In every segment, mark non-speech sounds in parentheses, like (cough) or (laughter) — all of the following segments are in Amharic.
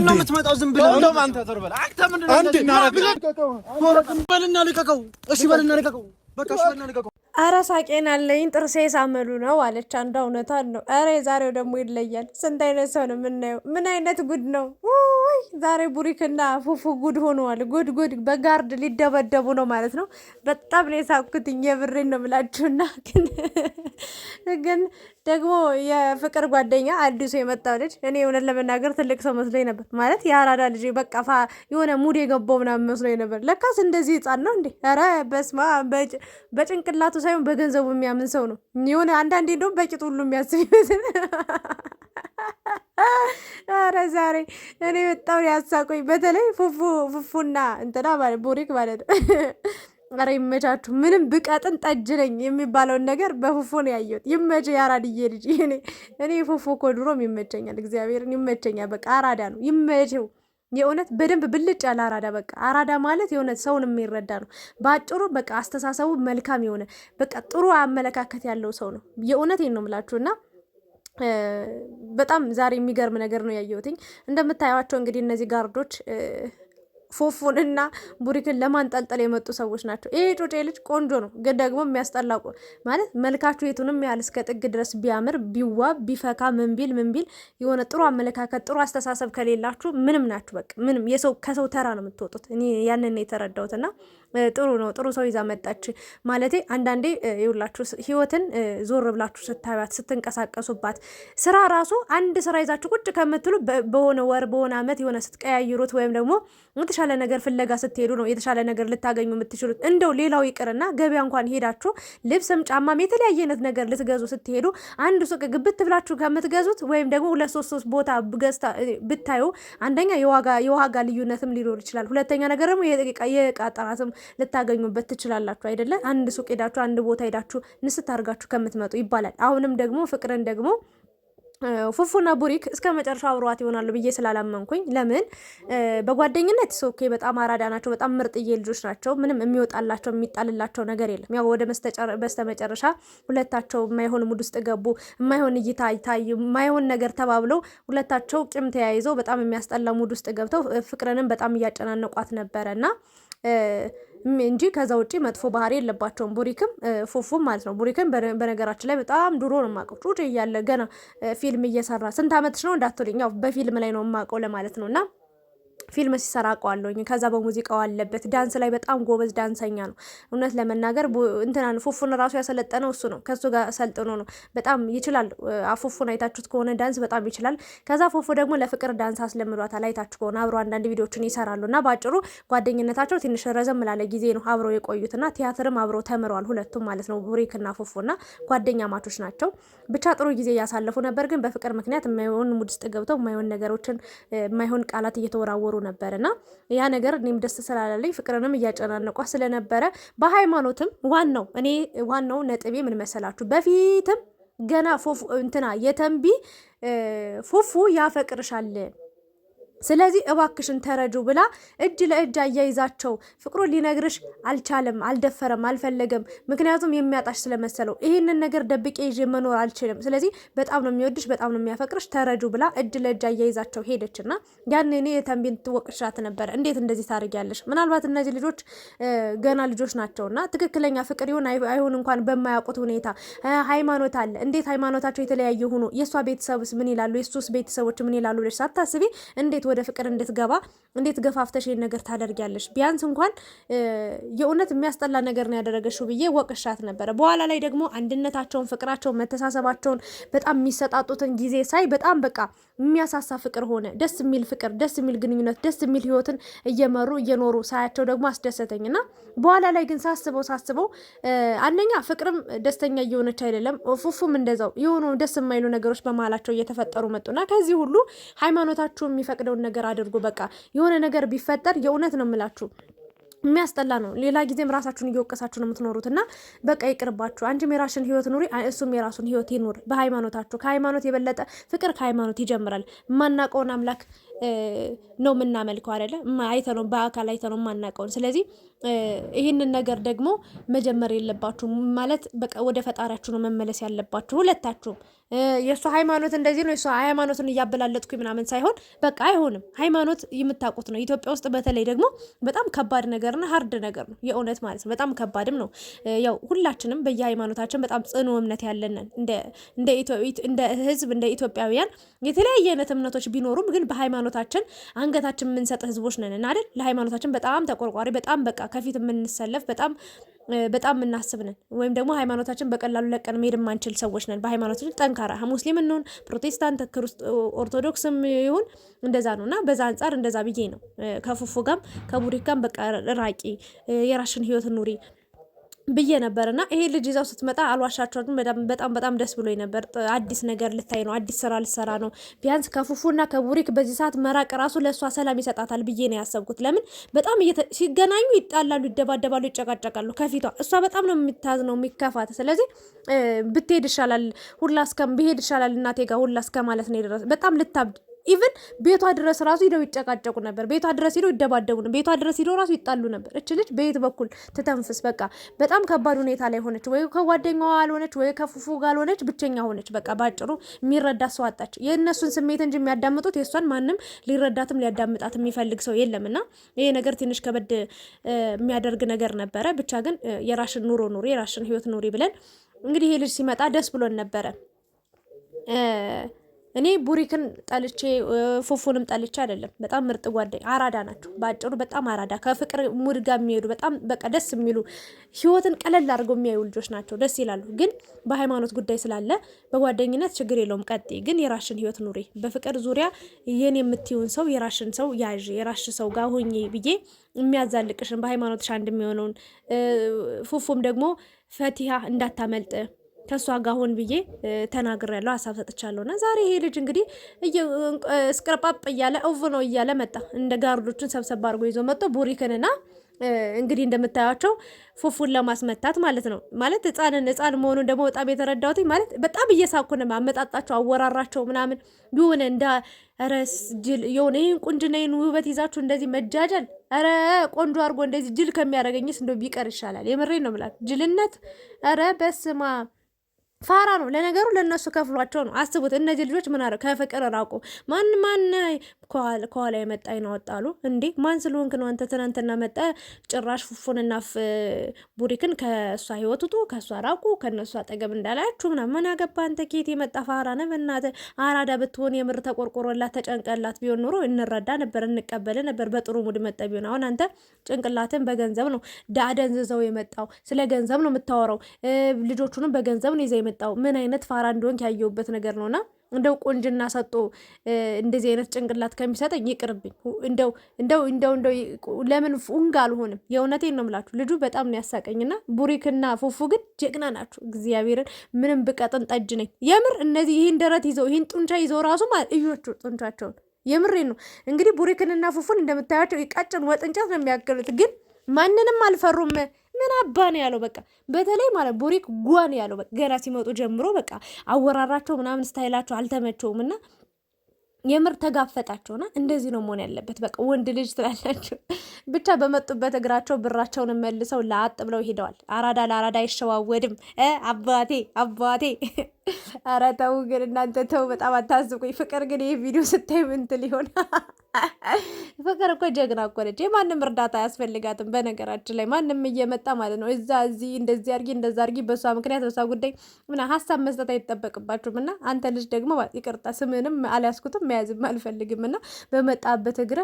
ምንድን ነው የምትመጣው? ዝም ብለህ አንተ በል አንተ። ምንድን ነው እንደዚህ በልና ልቀቀው። እሺ በልና ልቀቀው። በቃ እሺ በልና ልቀቀው። አረ ሳቄን አለኝ ጥርሴ ሳመሉ ነው አለች። አንዷ እውነቷን ነው። አረ የዛሬው ደግሞ ይለያል። ስንት አይነት ሰው ነው የምናየው? ምን አይነት ጉድ ነው! ወይ ዛሬ ቡሪክና ፉፉ ጉድ ሆነዋል። ጉድ ጉድ በጋርድ ሊደበደቡ ነው ማለት ነው። በጣም ነው የሳቅኩትኝ የብሬን ነው ምላችሁና (laughs) ግን ደግሞ የፍቅር ጓደኛ አዲሱ የመጣው ልጅ እኔ እውነት ለመናገር ትልቅ ሰው መስሎኝ ነበር ማለት የአራዳ ልጅ በቃ ፋ የሆነ ሙድ የገባው ምናምን መስሎኝ ነበር። ለካስ እንደዚህ ህፃን ነው እንዴ! ኧረ በስማ በጭንቅላቱ ሳይሆን በገንዘቡ የሚያምን ሰው ነው። የሆነ አንዳንዴ እንደውም በቂጡ ሁሉ የሚያስብ ይመስል (laughs) ዛሬ እኔ በጣም ያሳቆኝ በተለይ ፉፉ ፉፉና እንትና ቡሪክ ማለት ነው። ኧረ ይመቻችሁ። ምንም ብቀጥን ጠጅ ነኝ የሚባለውን ነገር በፉፉ ነው ያየሁት። ይመቸ የአራድዬ ልጅ እኔ እኔ ፉፉ እኮ ድሮም ይመቸኛል። እግዚአብሔርን ይመቸኛል። በቃ አራዳ ነው ይመቸው። የእውነት በደንብ ብልጭ ያለ አራዳ በቃ አራዳ ማለት የእውነት ሰውን የሚረዳ ነው። በአጭሩ በቃ አስተሳሰቡ መልካም የሆነ በቃ ጥሩ አመለካከት ያለው ሰው ነው። የእውነት ነው የምላችሁ እና በጣም ዛሬ የሚገርም ነገር ነው ያየሁትኝ። እንደምታዩቸው እንግዲህ እነዚህ ጋርዶች ፉፉን እና ቡሪክን ለማንጠልጠል የመጡ ሰዎች ናቸው። ይሄ ጮጬ ልጅ ቆንጆ ነው፣ ግን ደግሞ የሚያስጠላቁ ማለት መልካችሁ የቱንም ያህል እስከ ጥግ ድረስ ቢያምር ቢዋብ ቢፈካ ምንቢል ምንቢል የሆነ ጥሩ አመለካከት ጥሩ አስተሳሰብ ከሌላችሁ ምንም ናችሁ። በቃ ምንም የሰው ከሰው ተራ ነው የምትወጡት። እኔ ያንን የተረዳሁትና ጥሩ ነው። ጥሩ ሰው ይዛ መጣች ማለት አንዳንዴ ይውላችሁ ህይወትን ዞር ብላችሁ ስታዩት ስትንቀሳቀሱባት፣ ስራ ራሱ አንድ ስራ ይዛችሁ ቁጭ ከምትሉ በሆነ ወር በሆነ አመት የሆነ ስትቀያይሩት ወይም ደግሞ የተሻለ ነገር ፍለጋ ስትሄዱ ነው የተሻለ ነገር ልታገኙ የምትችሉት። እንደው ሌላው ይቅርና ገበያ እንኳን ሄዳችሁ ልብስም ጫማም የተለያየ አይነት ነገር ልትገዙ ስትሄዱ አንድ ሱቅ ግብት ብላችሁ ከምትገዙት ወይም ደግሞ ሁለት ሶስት ሶስት ቦታ ገዝታ ብታዩ አንደኛ የዋጋ ልዩነትም ሊኖር ይችላል። ሁለተኛ ነገር ደግሞ የቃ ጥራትም ልታገኙበት ትችላላችሁ አይደለ? አንድ ሱቅ ሄዳችሁ አንድ ቦታ ሄዳችሁ ንስት አድርጋችሁ ከምትመጡ ይባላል። አሁንም ደግሞ ፍቅርን ደግሞ ፉፉና ቡሪክ እስከ መጨረሻ አብሯት ይሆናሉ ብዬ ስላላመንኩኝ፣ ለምን በጓደኝነት ሶኬ በጣም አራዳ ናቸው። በጣም ምርጥዬ ልጆች ናቸው። ምንም የሚወጣላቸው የሚጣልላቸው ነገር የለም። ያው ወደ በስተ መጨረሻ ሁለታቸው የማይሆን ሙድ ውስጥ ገቡ። የማይሆን እይታ ይታዩ፣ የማይሆን ነገር ተባብለው ሁለታቸው ቂም ተያይዘው በጣም የሚያስጠላ ሙድ ውስጥ ገብተው ፍቅርንም በጣም እያጨናነቋት ነበረ እና እንጂ ከዛ ውጪ መጥፎ ባህሪ የለባቸውም። ቡሪክም ፉፉም ማለት ነው። ቡሪክም በነገራችን ላይ በጣም ድሮ ነው የማውቀው ጩጭ እያለ ገና ፊልም እየሰራ ስንት አመትሽ ነው እንዳትልኝ፣ ያው በፊልም ላይ ነው የማውቀው ለማለት ነው እና ፊልም ሲሰራ አውቀዋለሁኝ። ከዛ በሙዚቃው አለበት፣ ዳንስ ላይ በጣም ጎበዝ ዳንሰኛ ነው። እውነት ለመናገር እንትናን ፉፉን ራሱ ያሰለጠነው እሱ ነው። ከሱ ጋር ሰልጥኖ ነው። በጣም ይችላል። ፉፉን አይታችሁት ከሆነ ዳንስ በጣም ይችላል። ከዛ ፉፉ ደግሞ ለፍቅር ዳንስ አስለምዷታል። አይታችሁ ከሆነ አብሮ አንዳንድ ቪዲዮችን ይሰራሉ እና በአጭሩ ጓደኝነታቸው ትንሽ ረዘም ላለ ጊዜ ነው አብረው የቆዩትና ቲያትርም አብረው ተምረዋል ሁለቱም ማለት ነው። ቡሪክ እና እና ጓደኛ ማቾች ናቸው። ብቻ ጥሩ ጊዜ እያሳለፉ ነበር። ግን በፍቅር ምክንያት የማይሆን ሙድ ውስጥ ገብተው የማይሆን ነገሮችን የማይሆን ቃላት እየተወራወሩ ነበር እና ያ ነገር እኔም ደስ ስላላለኝ ፍቅርንም እያጨናነቋ ስለነበረ በሃይማኖትም ዋናው እኔ ዋናው ነጥቤ ምን መሰላችሁ በፊትም ገና ፎፉ እንትና የተንቢ ፉፉ ያፈቅርሻል ስለዚህ እባክሽን ተረጁ ብላ እጅ ለእጅ አያይዛቸው ፍቅሩ ሊነግርሽ አልቻለም፣ አልደፈረም፣ አልፈለገም። ምክንያቱም የሚያጣሽ ስለመሰለው ይህንን ነገር ደብቄ ይዤ መኖር አልችልም። ስለዚህ በጣም ነው የሚወድሽ፣ በጣም ነው የሚያፈቅርሽ፣ ተረጁ ብላ እጅ ለእጅ አያይዛቸው ሄደችና ያን እኔ የተንቢን ትወቅሻት ነበረ። እንዴት እንደዚህ ታደርጊያለሽ? ምናልባት እነዚህ ልጆች ገና ልጆች ናቸውና ትክክለኛ ፍቅር ይሁን አይሁን እንኳን በማያውቁት ሁኔታ ሃይማኖት አለ። እንዴት ሃይማኖታቸው የተለያየ ሆኖ የእሷ ቤተሰብስ ምን ይላሉ፣ የሱስ ቤተሰቦች ምን ይላሉ ብለሽ ሳታስቢ እንዴት ወደ ፍቅር እንድትገባ እንዴት ገፋፍተሽ ይሄን ነገር ታደርጊያለሽ? ቢያንስ እንኳን የእውነት የሚያስጠላ ነገር ነው ያደረገሽው ብዬ ወቅሻት ነበረ። በኋላ ላይ ደግሞ አንድነታቸውን፣ ፍቅራቸውን፣ መተሳሰባቸውን በጣም የሚሰጣጡትን ጊዜ ሳይ በጣም በቃ የሚያሳሳ ፍቅር ሆነ። ደስ የሚል ፍቅር፣ ደስ የሚል ግንኙነት፣ ደስ የሚል ህይወትን እየመሩ እየኖሩ ሳያቸው ደግሞ አስደሰተኝ እና በኋላ ላይ ግን ሳስበው ሳስበው አንደኛ ፍቅርም ደስተኛ እየሆነች አይደለም፣ ፉፉም እንደዛው የሆኑ ደስ የማይሉ ነገሮች በመሀላቸው እየተፈጠሩ መጡና ከዚህ ሁሉ ሃይማኖታችሁ የሚፈቅደው የሚያስጠላውን ነገር አድርጎ በቃ የሆነ ነገር ቢፈጠር የእውነት ነው የምላችሁ የሚያስጠላ ነው። ሌላ ጊዜም ራሳችሁን እየወቀሳችሁ ነው የምትኖሩት እና በቃ ይቅርባችሁ። አንቺም የራስሽን ህይወት ኑሪ፣ እሱም የራሱን ህይወት ይኑር በሃይማኖታችሁ። ከሃይማኖት የበለጠ ፍቅር ከሃይማኖት ይጀምራል። ማናቀውን አምላክ ነው የምናመልከው አይደለ? አይተነው በአካል አይተነው የማናውቀውን። ስለዚህ ይህንን ነገር ደግሞ መጀመር የለባችሁ ማለት በቃ ወደ ፈጣሪያችሁ ነው መመለስ ያለባችሁ ሁለታችሁም። የእሱ ሃይማኖት እንደዚህ ነው የእሱ ሃይማኖትን እያበላለጥኩ ምናምን ሳይሆን በቃ አይሆንም። ሃይማኖት የምታውቁት ነው። ኢትዮጵያ ውስጥ በተለይ ደግሞ በጣም ከባድ ነገርና ሀርድ ነገር ነው የእውነት ማለት ነው። በጣም ከባድም ነው። ያው ሁላችንም በየሃይማኖታችን በጣም ጽኑ እምነት ያለን እንደ ህዝብ እንደ ኢትዮጵያውያን የተለያየ አይነት እምነቶች ቢኖሩም ግን በሃይማኖት ለሃይማኖታችን አንገታችን የምንሰጥ ህዝቦች ነን እና አይደል? ለሃይማኖታችን በጣም ተቆርቋሪ፣ በጣም በቃ ከፊት የምንሰለፍ በጣም በጣም የምናስብ ነን። ወይም ደግሞ ሃይማኖታችን በቀላሉ ለቀን መሄድ የማንችል ሰዎች ነን። በሃይማኖታችን ጠንካራ ሙስሊም እንሆን ፕሮቴስታንት፣ ኦርቶዶክስም ይሁን እንደዛ ነው እና በዛ አንጻር እንደዛ ብዬ ነው ከፉፉ ጋም ከቡሪክ ጋም በቃ ራቂ፣ የራሽን ህይወት ኑሪ ብዬ ነበር እና ይሄ ልጅ ይዛው ስትመጣ አልዋሻቸውም። በጣም በጣም ደስ ብሎ ነበር። አዲስ ነገር ልታይ ነው፣ አዲስ ስራ ልሰራ ነው። ቢያንስ ከፉፉና ከቡሪክ በዚህ ሰዓት መራቅ ራሱ ለእሷ ሰላም ይሰጣታል ብዬ ነው ያሰብኩት። ለምን በጣም ሲገናኙ ይጣላሉ፣ ይደባደባሉ፣ ይጨቃጨቃሉ ከፊቷ። እሷ በጣም ነው የሚታዝ ነው የሚከፋት። ስለዚህ ብትሄድ ይሻላል ሁላ እስከ ብሄድ ይሻላል እናቴ ጋር ሁላ እስከ ማለት ነው የደረሰ በጣም ልታብድ ኢቨን ቤቷ ድረስ ራሱ ሄደው ይጨቃጨቁ ነበር። ቤቷ ድረስ ሄደው ይደባደቡ ነበር። ቤቷ ድረስ ሄደው ራሱ ይጣሉ ነበር። እች ልጅ በየት በኩል ትተንፍስ? በቃ በጣም ከባድ ሁኔታ ላይ ሆነች። ወይ ከጓደኛዋ አልሆነች፣ ወይ ከፉፉ ጋር አልሆነች፣ ብቸኛ ሆነች። በቃ ባጭሩ የሚረዳ ሰው አጣች። የእነሱን ስሜት እንጂ የሚያዳምጡት የእሷን ማንም ሊረዳትም ሊያዳምጣት የሚፈልግ ሰው የለም። እና ይሄ ነገር ትንሽ ከበድ የሚያደርግ ነገር ነበረ። ብቻ ግን የራሽን ኑሮ ኑሪ፣ የራሽን ህይወት ኑሪ ብለን እንግዲህ ይሄ ልጅ ሲመጣ ደስ ብሎን ነበረ። እኔ ቡሪክን ጠልቼ ፉፉንም ጠልቼ አይደለም። በጣም ምርጥ ጓደኝ አራዳ ናቸው። በአጭሩ በጣም አራዳ ከፍቅር ሙድ ጋር የሚሄዱ በጣም በቃ ደስ የሚሉ ህይወትን ቀለል አድርገው የሚያዩ ልጆች ናቸው። ደስ ይላሉ። ግን በሃይማኖት ጉዳይ ስላለ በጓደኝነት ችግር የለውም። ቀጤ ግን የራሽን ህይወት ኑሬ በፍቅር ዙሪያ ይህን የምትይውን ሰው የራሽን ሰው ያዥ፣ የራሽ ሰው ጋር ሆኜ ብዬ የሚያዛልቅሽን በሃይማኖትሽ አንድ የሚሆነውን ፉፉም ደግሞ ፈቲሃ እንዳታመልጥ ከእሷ ጋር ሆን ብዬ ተናግር ያለው ሀሳብ ሰጥቻለሁ። እና ዛሬ ይሄ ልጅ እንግዲህ እስቅርጳጳ እያለ እው ነው እያለ መጣ። እንደ ጋርዶችን ሰብሰብ አድርጎ ይዞ መጥቶ ቡሪክንና እንግዲህ እንደምታያቸው ፉፉን ለማስመታት ማለት ነው። ማለት ህፃንን ህፃን መሆኑን ደግሞ በጣም የተረዳሁት ማለት በጣም እየሳኩ ነው። አመጣጣቸው፣ አወራራቸው ምናምን የሆነ እንደ ረስ ጅል የሆነ ይህን ቁንጅናዬን ውበት ይዛችሁ እንደዚህ መጃጀል ረ ቆንጆ አድርጎ እንደዚህ ጅል ከሚያደርገኝስ እንደ ቢቀር ይሻላል። የምሬ ነው ምላት ጅልነት ረ በስማ ፋራ ነው። ለነገሩ ለእነሱ ከፍሏቸው ነው። አስቡት፣ እነዚህ ልጆች ምን ከፍቅር ራቁ። ማን ማን ከኋላ የመጣ ይናወጣሉ እንዴ? ማን ስለሆንክ ነው አንተ ትናንትና መጠ ጭራሽ ፉፉንና ቡሪክን ከእሷ ህይወት ውጡ፣ ከእሷ ራቁ፣ ከእነሱ አጠገብ እንዳላያችሁ ምናምን። ምን ያገባ አንተ ኬት የመጣ ፋራ ነህ? በእናትህ አራዳ ብትሆን የምር ተቆርቆሮላት ተጨንቀላት ቢሆን ኑሮ እንረዳ ነበር፣ እንቀበል ነበር። በጥሩ ሙድ መጠ ቢሆን አሁን አንተ ጭንቅላትን በገንዘብ ነው ዳደንዝዘው የመጣው ስለ ገንዘብ ነው የምታወራው። ልጆቹንም በገንዘብ ነው ይዘ የመጣው ምን አይነት ፋራ እንደሆንክ ያየሁበት ነገር ነውና እንደው ቆንጅና ሰጦ እንደዚህ አይነት ጭንቅላት ከሚሰጠኝ ይቅርብኝ። እንደው እንደው እንደው እንደው ለምን ፉንጋ አልሆንም? የእውነቴን ነው ምላችሁ። ልጁ በጣም ነው ያሳቀኝና ቡሪክና ፉፉ ግን ጀግና ናቸው። እግዚአብሔርን ምንም ብቀጥን ጠጅ ነኝ የምር። እነዚህ ይህን ደረት ይዘው ይህን ጡንቻ ይዘው ራሱ ማለት እዮቹ ጡንቻቸውን የምሬ ነው። እንግዲህ ቡሪክንና ፉፉን እንደምታያቸው ቀጭን ወጥ እንጨት ነው የሚያገሉት፣ ግን ማንንም አልፈሩም። ምን አባ ነው ያለው። በቃ በተለይ ማለት ቡሪክ ጓ ነው ያለው። በቃ ገና ሲመጡ ጀምሮ በቃ አወራራቸው ምናምን ስታይላቸው አልተመቸውም እና የምር ተጋፈጣቸውና እንደዚህ ነው መሆን ያለበት። በቃ ወንድ ልጅ ትላላቸው (laughs) ብቻ በመጡበት እግራቸው ብራቸውን መልሰው ለአጥ ብለው ሄደዋል። አራዳ ለአራዳ አይሸዋወድም። አባቴ አባቴ ኧረ ተው ግን እናንተ ተው፣ በጣም አታስቁኝ። ፍቅር ግን ይህ ቪዲዮ ስታይ ምንት ሊሆን ፍቅር እኮ ጀግና እኮ ነች። የማንም እርዳታ አያስፈልጋትም። በነገራችን ላይ ማንም እየመጣ ማለት ነው እዛ እዚህ እንደዚህ አርጊ እንደዛ አርጊ በእሷ ምክንያት በእሷ ጉዳይ ምና ሀሳብ መስጠት አይጠበቅባችሁም። እና አንተ ልጅ ደግሞ ይቅርታ ስምንም አልያዝኩትም መያዝም አልፈልግም። እና በመጣበት እግረ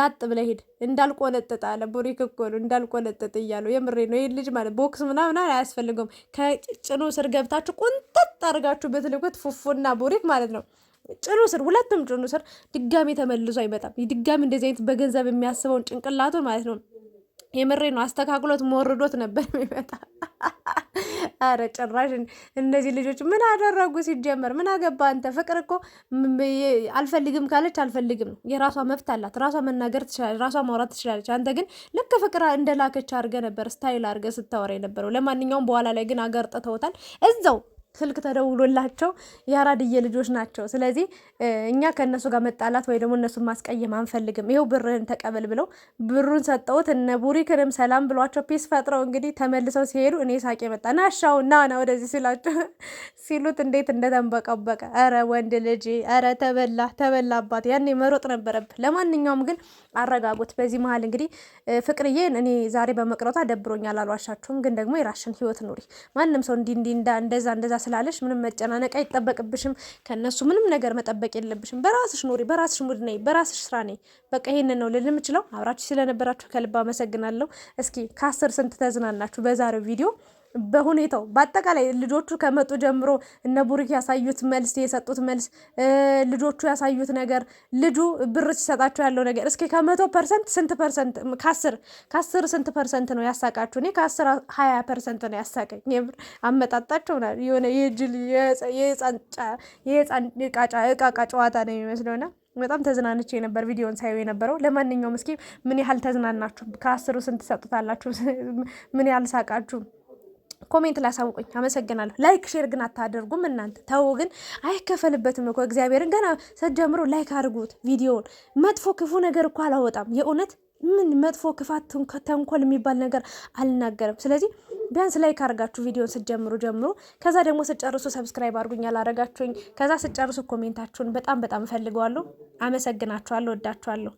ላጥ ብለህ ሂድ እንዳልቆነጥጥ አለ ቡሪክ እኮ ነው እንዳልቆነጥጥ እያሉ የምሬ ነው። ይህ ልጅ ማለት ቦክስ ምናምን አያስፈልገውም። ከጭኑ ስር ገብታችሁ ቁንጠጥ አድርጋ አድርጋችሁ ብትልኩት ፉፉና ቡሪክ ማለት ነው ጭኑ ስር ሁለቱም ጭኑ ስር ድጋሚ ተመልሶ አይመጣም። ድጋሚ እንደዚህ አይነት በገንዘብ የሚያስበውን ጭንቅላቱን ማለት ነው የምሬ ነው አስተካክሎት ሞርዶት ነበር የሚመጣ። አረ ጭራሽ እነዚህ ልጆች ምን አደረጉ? ሲጀመር ምን አገባ አንተ። ፍቅር እኮ አልፈልግም ካለች አልፈልግም ነው። የራሷ መብት አላት። ራሷ መናገር ትችላለች፣ ራሷ ማውራት ትችላለች። አንተ ግን ልክ ፍቅር እንደላከች አድርገ ነበር ስታይል አድርገ ስታወራ የነበረው። ለማንኛውም በኋላ ላይ ግን አገርጥተውታል እዛው ስልክ ተደውሎላቸው የአራድዬ ልጆች ናቸው። ስለዚህ እኛ ከእነሱ ጋር መጣላት ወይ ደግሞ እነሱን ማስቀየም አንፈልግም። ይኸው ብርህን ተቀበል ብለው ብሩን ሰጠውት። እነ ቡሪክንም ሰላም ብሏቸው ፒስ ፈጥረው እንግዲህ ተመልሰው ሲሄዱ እኔ ሳቄ መጣ ና ሻው ና ና ወደዚህ ሲላቸው ሲሉት እንዴት እንደተንበቀበቀ ረ ወንድ ልጅ ረ ተበላ ተበላ አባት ያኔ መሮጥ ነበረብህ። ለማንኛውም ግን አረጋጉት። በዚህ መሀል እንግዲህ ፍቅርዬን እኔ ዛሬ በመቅረቷ ደብሮኛል አልዋሻችሁም፣ ግን ደግሞ የራሽን ህይወት ኑሪ። ማንም ሰው እንዲ እንዲ እንደዛ እንደዛ ስላለሽ ምንም መጨናነቅ አይጠበቅብሽም። ከነሱ ምንም ነገር መጠበቅ የለብሽም። በራስሽ ኖሪ፣ በራስሽ ሙድ ነይ፣ በራስሽ ስራ ነይ። በቃ ይሄንን ነው ልል የምችለው። አብራችሁ ስለነበራችሁ ከልብ አመሰግናለሁ። እስኪ ከአስር ስንት ተዝናናችሁ በዛሬው ቪዲዮ? በሁኔታው በአጠቃላይ ልጆቹ ከመጡ ጀምሮ እነ ቡሪክ ያሳዩት መልስ የሰጡት መልስ ልጆቹ ያሳዩት ነገር ልጁ ብር ሲሰጣቸው ያለው ነገር እስኪ ከመቶ ፐርሰንት ስንት ፐርሰንት ከአስር ከአስር ስንት ፐርሰንት ነው ያሳቃችሁ? እኔ ከአስር ሀያ ፐርሰንት ነው ያሳቀኝ። የምር አመጣጣቸው የሆነ የጅል የህፃን እቃቃ ጨዋታ ነው የሚመስለውና በጣም ተዝናንቼ የነበር ቪዲዮን ሳየው የነበረው። ለማንኛውም እስኪ ምን ያህል ተዝናናችሁ? ከአስሩ ስንት ሰጡታላችሁ? ምን ያህል ሳቃችሁ? ኮሜንት ላሳውቁኝ። አመሰግናለሁ። ላይክ ሼር ግን አታደርጉም እናንተ ተው። ግን አይከፈልበትም እኮ እግዚአብሔርን ገና ስትጀምሩ ላይክ አድርጉት ቪዲዮውን። መጥፎ ክፉ ነገር እኮ አላወጣም የእውነት ምን መጥፎ ክፋት፣ ተንኮል የሚባል ነገር አልናገርም። ስለዚህ ቢያንስ ላይክ አድርጋችሁ ቪዲዮን ስትጀምሩ ጀምሩ። ከዛ ደግሞ ስጨርሱ ሰብስክራይብ አድርጉኝ ያላረጋችሁኝ። ከዛ ስጨርሱ ኮሜንታችሁን በጣም በጣም እፈልገዋለሁ። አመሰግናችኋለሁ። ወዳችኋለሁ።